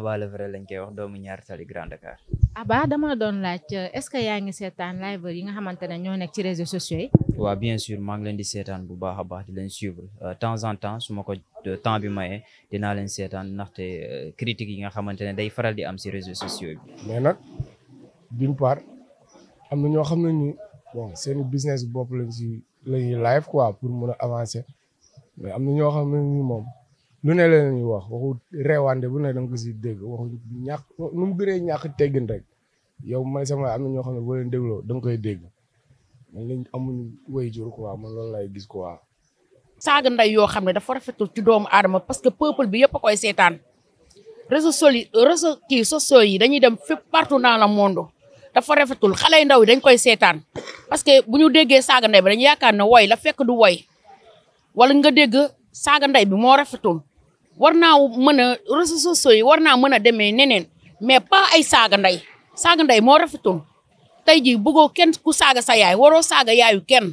Aba le vrai lañ koy wax doomu ñaari tali Grand Dakar. Aba dama doon laaj est-ce que yaa ngi seetaan live yi nga xamante ne ñoo nekk ci réseaux sociaux yi. waaw bien sûr maa ngi leen di seetaan bu baax a baax di leen suivre euh, temps en temps su ko euh, temps bi maye dinaa leen seetaan ndaxte euh, critiques yi nga xamante ne day faral di am si réseaux sociaux bi. mais nag d'une part am na ñoo xam ne ni bon seen business bopp lañ si la ñuy live quoi pour a avancer moom. lu ne la ñuy wax waxu reewande bu ne da nga ko si dégg waxu ñàkk nu mu gënee ñàkk teggin yow man sama am na ñoo xam ne boo leen dégloo da nga koy dégg man lañ amuñu way jur quoi loolu lay gis quoi. saaga nday yoo xam ne dafa rafetul ci doomu aadama parce que peuple bi yëpp a koy seetaan réseaux sociaux réseaux kii sociaux yi dañuy dem fépp partout dans le monde dafa rafetul xale ndaw dañ koy seetaan parce que bu ñu déggee saaga bi dañu yaakaar ne woy la fekk du woy wala nga dégg saaga nday bi moo rafetul. war naa mën a réseaux sociaux yi war naa mën a demee neneen mais pas ay saaga ndey saaga ndey moo rafetul tey jii bëggoo kenn ku saaga sa yaay waroo saaga yaayu kenn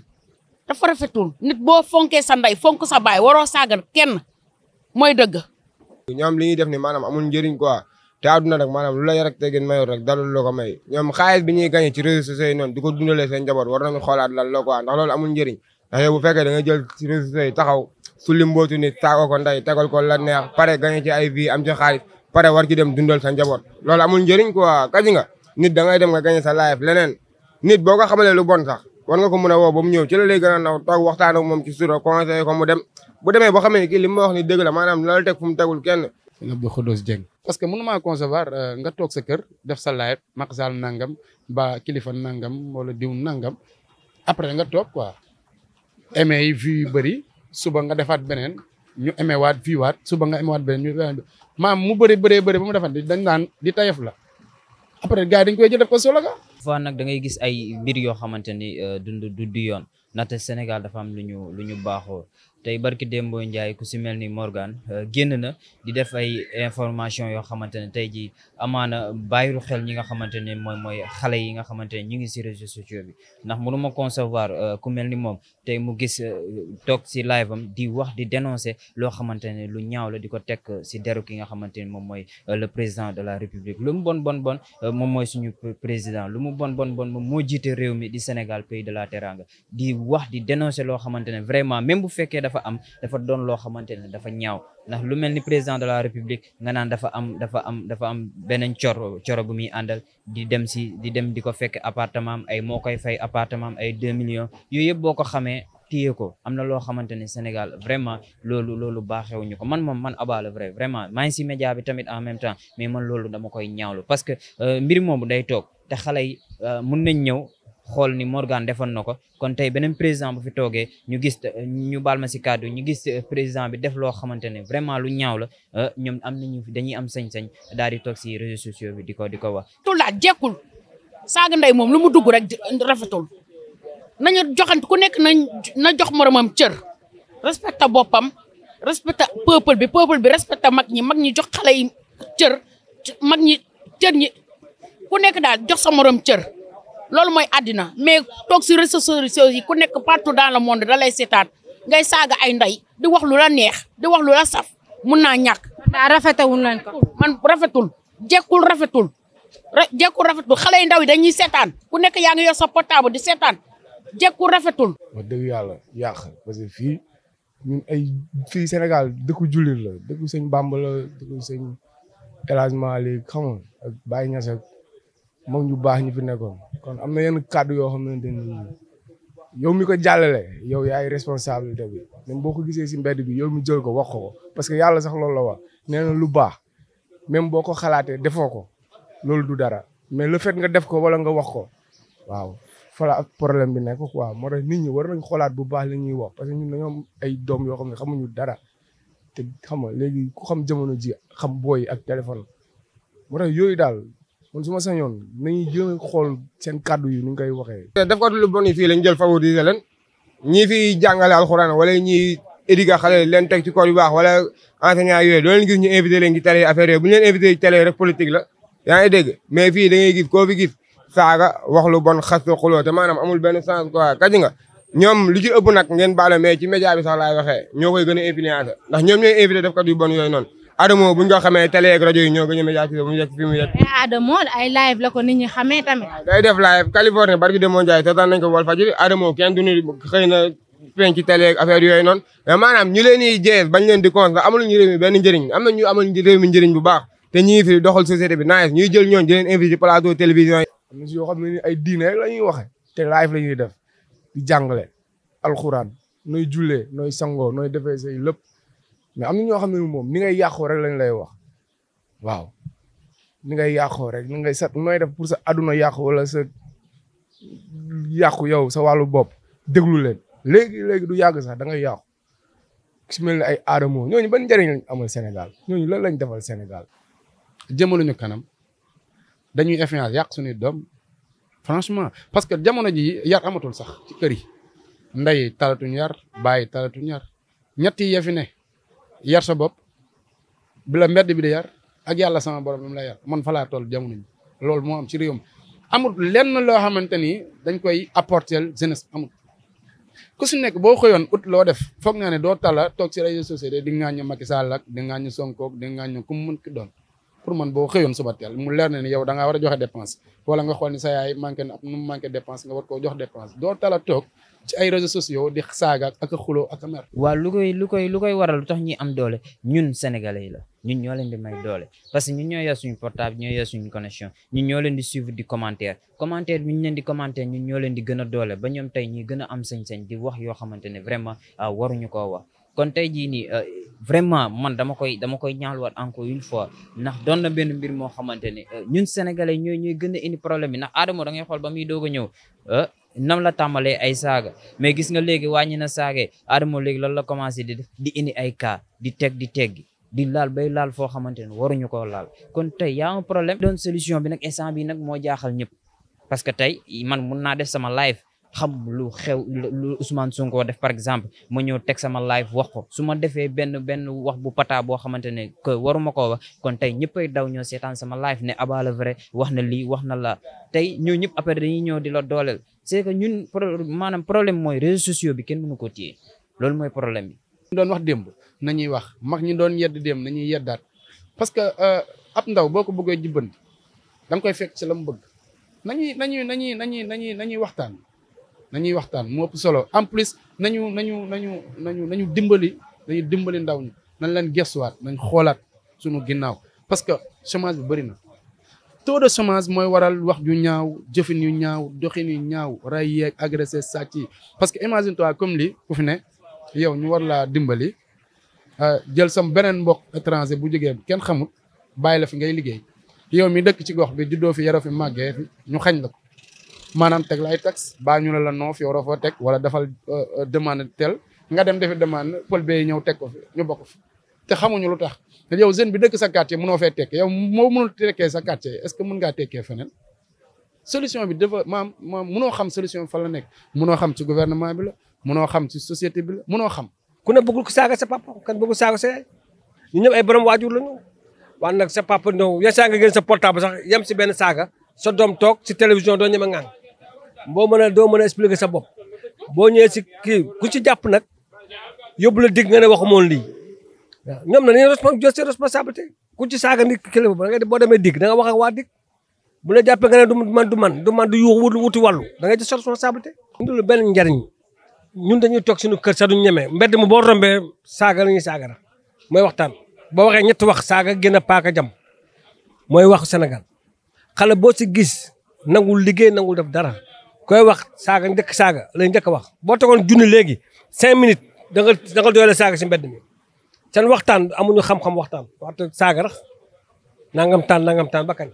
dafa rafetul nit boo fonkee sa ndey fonk sa baay waroo saaga kenn mooy dëgg. ñoom li ñuy def ni maanaam amul njëriñ quoi te àdduna nag maanaam lu la yar ak teggin mayoon rek dalul loo ko ñoom xaalis bi ñu gagné ci réseaux sociaux yi noonu di ko dundalee seen njaboot war nañu xoolaat lan la quoi ndax loolu amul njëriñ. ndax bu fekkee da nga jël ci réseaux yi taxaw su li mbootu nit saako ko ndey tegal ko la neex pare gañe ci ay vie am ci xaalis pare war ci dem dundal sa njaboot loolu amul njëriñ quoi kaji nga nit da ngay dem nga gañe sa live leneen nit boo ko xamalee lu bon sax war nga ko mën a woo ba mu ñëw ci la lay gën a naw toog waxtaan ak moom ci sura conseillé ko mu dem bu demee boo li ma wax ni maanaam loolu teg fu mu tegul kenn Abdou Khoudous parce que mënu maa concevoir euh, nga toog sa kër def sa live Macky Sall nangam ba kilifa nangam wala diw nangam après nga toog quoi aimé yi vues yu bëri suba nga defaat beneen ñu aimé waat vue waat suba nga aimé waat beneen ñu maam mu bëri bëree bëri ba mu defaat dañ naan di tayef la après gars yi dañ koy jël def ko solo ga fois nag da ngay gis ay mbir yoo xamante ni euh, du du yoon ndaxte Sénégal dafa lu ñu lu ñu baaxoo tey barki Dembo Ndiaye ku si mel ni Morgan euh, génn na di def ay information yoo xamante ne tey jii amaana bàyyiru xel ñi nga xamante ne mooy mooy xale yi nga xamante ne ñu ngi si réseaux sociaux bi ndax mënu ma concevoir euh, ku mel ni moom tey mu gis euh, toog si live am di wax di dénoncer loo xamante ne lu ñaaw la di ko teg si deru ki nga xamante ne moom mooy le président de la république lu mu bon bon bon moom mooy suñu président lu mu bon bon bon moom moo jiite réew mi di Sénégal pays de la teranga di wax di dénoncer loo xamante dafa am dafa doon loo xamante ne dafa ñaaw ndax lu mel ni président de la république nga naan dafa am dafa am dafa am beneen coro coro bu muy àndal di dem si di dem di ko fekk appartement am ay moo koy fay appartement am ay deux millions yooyu yëpp boo ko xamee téye ko am na loo xamante ne Sénégal vraiment loolu loolu baaxewuñu ko man moom man Aba la vrai vraiment maa ngi si média bi tamit en même temps mais man loolu dama koy ñaawlu parce que euh, mbir moomu day toog te xale euh, mun nañ ñëw xool ni Morgan defoon na ko kon tey beneen président bu fi toogee ñu gis ñu baal ma si kàddu ñu gis euh, président bi def loo xamante ne vraiment lu ñaaw la euh, ñoom am nañu dañuy am sañ-sañ daal di toog si réseaux sociaux bi di ko di ko wax. tullaat jekkul saaga ndey moom lu mu dugg rek rafetul nañu joxant ku nekk nañ na jox moromam cër respecté boppam respecté peuple bi peuple bi respecté mag ñi mag ñi jox xale yi cër mag ñi cër ñi ku nekk daal jox sa morom cër. loolu mooy àddina mais toog si réseaux sociaux yi ku nekk partout dans le monde da lay seetaan ngay saaga ay nday di wax lu la neex di wax lu la saf mun naa ñàkk. daa rafetewul lañ ko. man rafetul jekkul rafetul jekkul rafetul xale yu ndaw yi dañuy seetaan ku nekk yaa ngi yor sa portable di seetaan jekkul rafetul. wax dëgg yàlla yàq parce que fii ñun ay fii Sénégal dëkku jullit la dëkku sëñ Bamba la dëkku sëñ El Hadj Malick xam nga ak Baye mag ñu baax ñu fi nekkoon kon am na yenn kàddu yoo xam xamante ni yow mi ko jàllale yow yaay responsabilité bi même boo ko gisee si mbedd bi yow mi jël ko wax ko parce que yàlla sax loolu la wax nee na lu baax même boo ko xalaatee defoo ko loolu du dara mais le fait nga def ko wala nga wax ko waaw fala problème bi nekk waaw moo tax nit ñi war nañ xoolaat bu baax li ñuy wax parce que ñu ñun ñoom ay doom yoo xam ne xamuñu dara te xam nga léegi xam jamono ji xam booy ak téléphone moo tax yooyu daal kon su ma sañoon nañuy jël xool seen kàddu yi nu ngi koy waxee. def ko lu bon yi fii lañ jël leen ñi fi jàngale alxuraan wala ñii éduquer xale leen teg ci koor yu baax wala enseignant yooyu doo leen gis ñu invité leen ci télé affaire yooyu bu ñu leen invité ci télé rek politique la yaa ngi dégg mais fii da ngay gis koo fi gis saaga wax lu bon xas xuloo te maanaam amul benn sens quoi kaji nga ñoom lu ci ëpp nag ngeen baale mais ci média bi sax ñoo koy gën a influencer ndax ñoom ñooy invité def kat yu Adamo bu ñu ko xamee télé ak rajo yi ñoo gën a médiatisé bu ñu yegg fi mu yegg. mais eh, Adamo ay live la ko nit ñi xamee tamit. day def live Californie barki Demba Ndiaye seetaan nañ ko Walfadjri Adamo kenn du ni xëy na feeñ ci télé ak affaire yooyu noonu. mais maanaam ñu leen di jeex bañ leen di constaté amaluñu réew mi benn njëriñ am na ñu amal réew mi njëriñ bu baax te ñi fi doxal société bi nice ñuy jël ñooñu di leen invité ci plateau télévision yi. am na si yoo xam ne ay diine rek la ñuy waxee te live la ñuy def di jàngale alxuraan nooy jullee nooy sangoo nooy defee say lépp mais am na ñoo xam ne moom ni ngay yàqoo rek lañ lay wax waaw ni ngay yàqoo rek ni ngay sat nooy def pour sa aduna yàqu walla sa yàqu yow sa wàllu bopp déglu leen léegi léegi du yàgg sax da ngay yàqu. su mel ni ay aadamoo ñooñu ba njëriñ lañ amal Sénégal ñooñu lan lañ defal Sénégal. jëmaluñu kanam dañuy influence yàq suñuy doom franchement parce que jamono ji yar amatul sax ci kër yi. ndey talatuñ yar bàyyi talatuñ yar ñett yi yar sa bopp bi la mbedd bi de yar ak yàlla sama borom bi la yar man fa tool jamono ji loolu moo am ci réew mi amul lenn loo xamante ni dañ koy apporter jeunesse amul. ku si nekk boo xëyoon ut loo def foog naa ne doo tala toog si réseaux sociaux di ŋàññi Macky Sall ak di ŋàññi Sonko di ŋàññi ku mu mën ki doon pour man boo xëyoon suba teel mu leer na ni yow da ngaa war a joxe dépense wala nga xool ni sa yaay manqué na nu mu manqué dépense nga war koo jox dépense doo tala ci ay réseaux sociaux di saaga ak a xuloo ak a lu koy lu koy waral tax ñuy am doole ñun sénégalais yi la ñun ñoo leen di may doole parce que ñun ñoo yor suñu portable ñoo yor suñu connexion ñun ñoo leen di suivre di commentaire commentaire leen di commentaire ñun ñoo leen di gën a doole ba ñoom tey ñuy gën am sañ-sañ di wax yoo xamante ne vraiment ah, waruñu koo wax kon tey jii nii euh, vraiment man dama koy dama koy ñaaluwaat encore une fois ndax doon na benn mbir moo xamante ne euh, ñun sénégalais ñooy ñooy gën a indi problème bi ndax Adamo da nam la tàmbalee ay saaga mais gis nga léegi wàññi na saagee Adamo léegi loolu la commencé di def di indi ay cas di teg di teggi di laal bay laal foo xamante ne waruñu koo laal kon tey yaa un problème doon solution bi nag instant bi nag moo jaaxal ñëpp parce que tey man mun naa def sama live xam lu xew lu Ousmane Sonko def par exemple ma ñëw teg sama live wax ko su ma defee benn benn wax bu pata boo xamante ne que waruma koo wax kon tey ñëppay daw ñoo seetaan sama live ne Aba le vrai wax na lii wax na la tey ñoo ñëpp après dañuy ñëw di la dooleel c'est que ñun maanaam problème mooy réseaux sociaux bi kenn mënu ko téye loolu mooy problème bi. ñu doon wax démb nañuy wax mag ñi doon yedd démb nañuy yeddaat parce que euh, ab ndaw boo ko bëggee jubbanti da nga koy fekk ci la mu nañuy waxtaan mu ëpp solo en plus nañu nañu nañu nañu nañu dimbali nañu dimbali ndaw ñi nañ leen gestuwaat nañ xoolaat suñu ginnaaw parce que chômage bi bëri na taux de chômage mooy waral wax ju ñaaw jëfin yu ñaaw doxin yu ñaaw ray yeeg agressé sàcc yi parce que imagine toi comme lii ku fi ne yow ñu war laa dimbali euh, jël sam beneen mbokk étranger bu jógee kenn xamut bàyyi la fi ngay liggéey yow mi dëkk ci gox bi juddoo fi yaroo fi màggee fi ñu xañ la maanaam teg la ay taxe baa ñu ne la non fi waroo fa teg wala defal euh, euh, demande tel nga dem defi demande pël bee ñëw teg ko fi ñu bokk fi te xamuñu lu tax yow jeune bi dëkk sa quartier mënoo fee tekkee yow moo mënul tekkee sa quartier est-ce que mën ngaa tekkee feneen solution bi dafa maam maam mënoo xam solution fa la nekk mënoo xam ci gouvernement bi la mënoo xam si société bi la mënoo xam. ku ne bëggul ko saaga sa papa kan bëggul saaga sa yaay ñu ñëpp ay borom waajur lañu waaye nag sa papa ndaw yaa saaga ngeen sa portable sax yem si benn saaga sa doom toog si télévision doo ñeme ngaan boo mën a doo mën a expliquer sa bopp boo ñëwee si kii ku ci jàpp nag yóbbu la dig nga ne waxumoon lii waaw ñoom na nañu jël seen responsabilité ku ci saaga ni kilifa ba nga boo demee dig da nga ak waa dig bu la jàppee nga ne du man du man du man du yuuxu wuti wàllu da nga jël sa responsabilité ñu lu benn njariñ ñun dañuy toog suñu kër sax duñu mbedd mu boo rombee saaga la ñuy saaga ra mooy waxtaan boo waxee ñetti wax saaga gën a paaka jam mooy waxu Sénégal xale boo si gis nangul liggéey nangul def dara koy wax saaga njëkk saaga lañ njëkk wax boo tegoon junni léegi cinq minutes da nga da saaga si mbedd mi seen waxtaan amuñu xam-xam waxtaan waxtu saaga rax nangam taan nangam taan ba kañ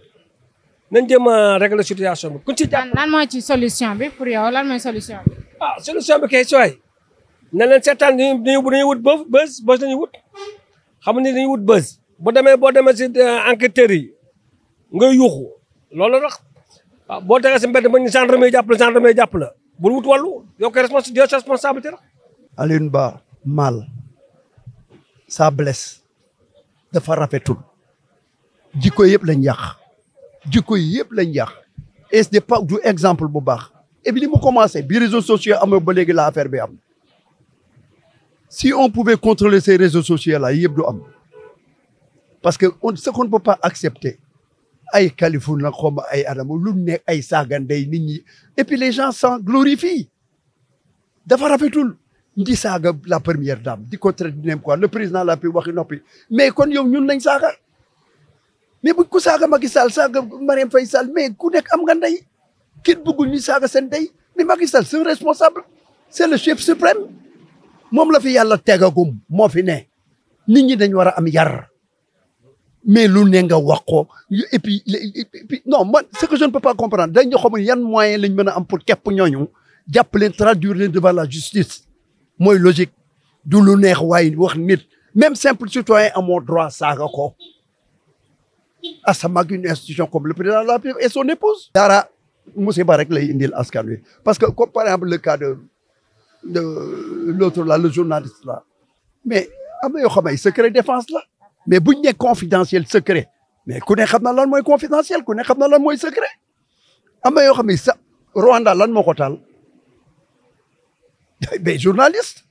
nañ jéem a régler situation bi kuñ ci jàpp lan mooy ci solution bi pour yow lan mooy solution bi ah solution bi kay sooy ne leen seetaan dañuy dañuy wut bës bës bës dañuy wut xam ni dañuy wut bës bu demee boo demee si euh, enquêteurs yi ngay yuuxu loolu waaw ah, boo tegee si mbedd ba ñu gendarmerie jàpp la gendarmerie jàpp la bul wut wàllu yow kay respons yow sa responsabilité la. Alioune Ba mal sa dafa rafetul jikko yëpp lañ yàq jikko yëpp lañ yàq et c'est pas du exemple bu baax et li mu commencé bi réseaux sociaux amee ba léegi la affaire bi am si on pouvait contrôler ces réseaux sociaux la yëpp du am parce que on ce qu'on pas accepter ay Kaliphone la xaw ma ay Adama lu nekk ay saaga saagandey nit ñi et puis les gens s'en glorifient dafa rafetul di saaga la première dame di ko traité di quoi le président la pi waxi noppi mais kon yow ñun nañ saaga mais bu ku saaga Macky Sall saaga Marième Faye sal mais ku nekk am nga ndey kenn bëggul ñu saaga seen ndey mais Macky Sall c'est responsable se le chef suprême moom la fi yàlla tegagum moo fi ne nit ñi dañ war a am yar mais lu ne nga wax ko et puis non man ce que je ne peux pas comprendre dañu xamul yan moyen lañ mën a am pour képp ñooñu jàpp leen traduire leen devant la justice mooy logique du lu neex waaye wax nit même simple citoyen amoo droit saaga ko à sa mag une institution comme le président de la République et son épouse dara musiba rek lay indil askan wi parce que comme par le cas de de l'autre la le journaliste là mais am na yoo xam secret défense la mais buñ ne confidentiel secret mais ku ne xam na lan mooy confidentiel ku ne xam na lan mooy secret am na yoo xam ne sa Rwanda lan moo ko taal mais journalist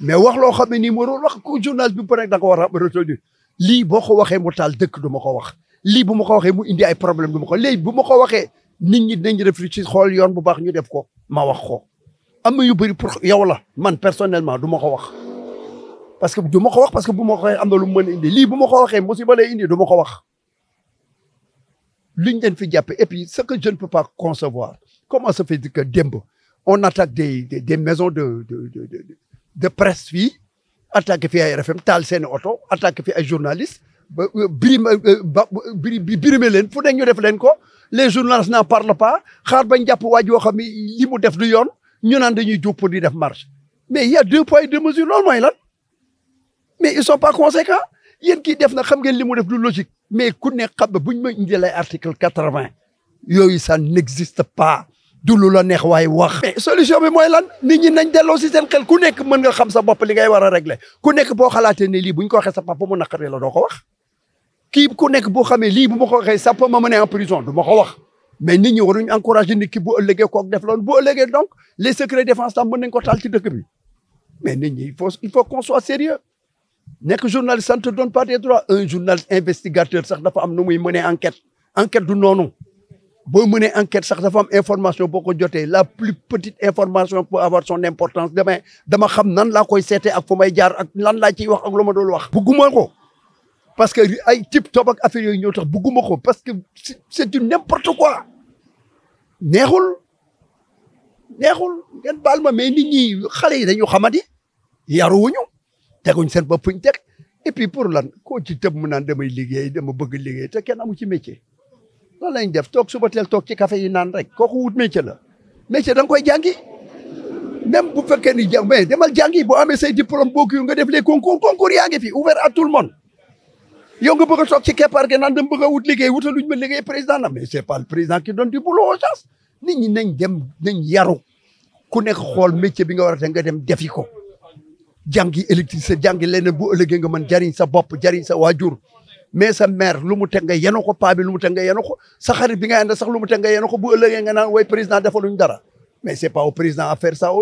mais wax loo xam ne nii moo doon wax ku journaliste bi peut-être da ko war a retenu lii boo ko waxee mu taal dëkk du ma ko wax lii bu ma ko waxee mu indi ay problème du ma ko léegi bu ma ko waxee nit ñi dañ réfléchir xool yoon bu baax ñu def ko ma wax ko am na yu bëri pour yow la man personnellement du ma ko wax parce que du ma ko wax parce que bu ma ko waxee a indi lii bu ma ko waxee musiba lay indi du ma ko wax liñ leen fi jàppe et puis ce que je ne peux pas concevoir comment ça fait que démb on attaque des des, des maisons de de de de, presse fii attaque fi ay RFM taal seen oto attaque fi ay journalistes ba euh, birim euh, euh, ba birime leen fu ne ñu def leen ko les journalistes n'en parlent pas xaar bañ jàpp waa joo xam ni li mu def du yoon ñu naan dañuy jóg di def marche mais ya y a deux poids deux mesures loolu mooy lan. mais ils sont pas conséquents yéen kii def na xam ngeen li mu def lu logique mais ku ne xam na buñ ma indil ay article quatre-vingt yooyu ça n'existe pas du lu la neex waaye wax. mais solution bi mooy lan ni ñi nañ delloo si seen xel ku nekk mën nga xam sa bopp li ngay war a régler ku nekk boo xalaatee ne lii bu ñu ko waxee sa papa mu naqaree la doo ko wax. kii ku nekk boo xamee lii bu ma ko waxee sa papa ma mën en prison du ma ko wax mais nit ñi waruñu encouragé nit ki bu ëllëgee kook def loolu bu ëllëgee donc les ko taal ci dëkk bi mais nit ñi il faut nekk journaliste ça ne te donne pas un journaliste investigateur sax dafa am nu muy mënee enquête enquête du noonu boo mënee enquête sax dafa am information boo ko jotee la plus petite information peut avoir son importance dama dama xam nan laa koy seetee ak fu may jaar ak lan laa ciy wax ak lu ma doon wax. bugguma ko parce que ay type topp ak affaire yooyu ñëw tax bugguma ko parce que c'est du n'importe quoi neexul neexul ngeen baal ma mais nit ñi xale yi dañu xamadi yaruwuñu. teguñ seen bopp fuñ teg et puis pour lan koo ci tëb mu naan damay liggéey dama bëgg liggéey te kenn amu ci métier. lan lañ def toog suba teel toog ci café yi naan rek kooku wut métier la métier da nga koy jàngi même bu fekkee ni jàng mais demal jàngi boo amee say diplôme boo kii nga def les concours concours yaa ngi fi ouvert à tout le monde. yow nga bëgg a toog ci keppaar gi naan dama bëgg a wut liggéey wutaluñ ma liggéey président na mais c'est pas le président qui donne du boulot aux gens nit ñi nañ dem nañ yaru ku nekk xool métier bi nga war a te nga dem defi ko. jàngi électricité jàngi leneen bu ëllëgee nga man jariñ sa bopp jariñ sa waajur mais sa maire lu mu teg nga yeno ko paa lu mu teg nga yeno ko sa xarit bi nga ànd sax lu mu teg nga yeno ko bu ëllëgee nga naan way président defaluñ dara mais c'est pas au président à faire ça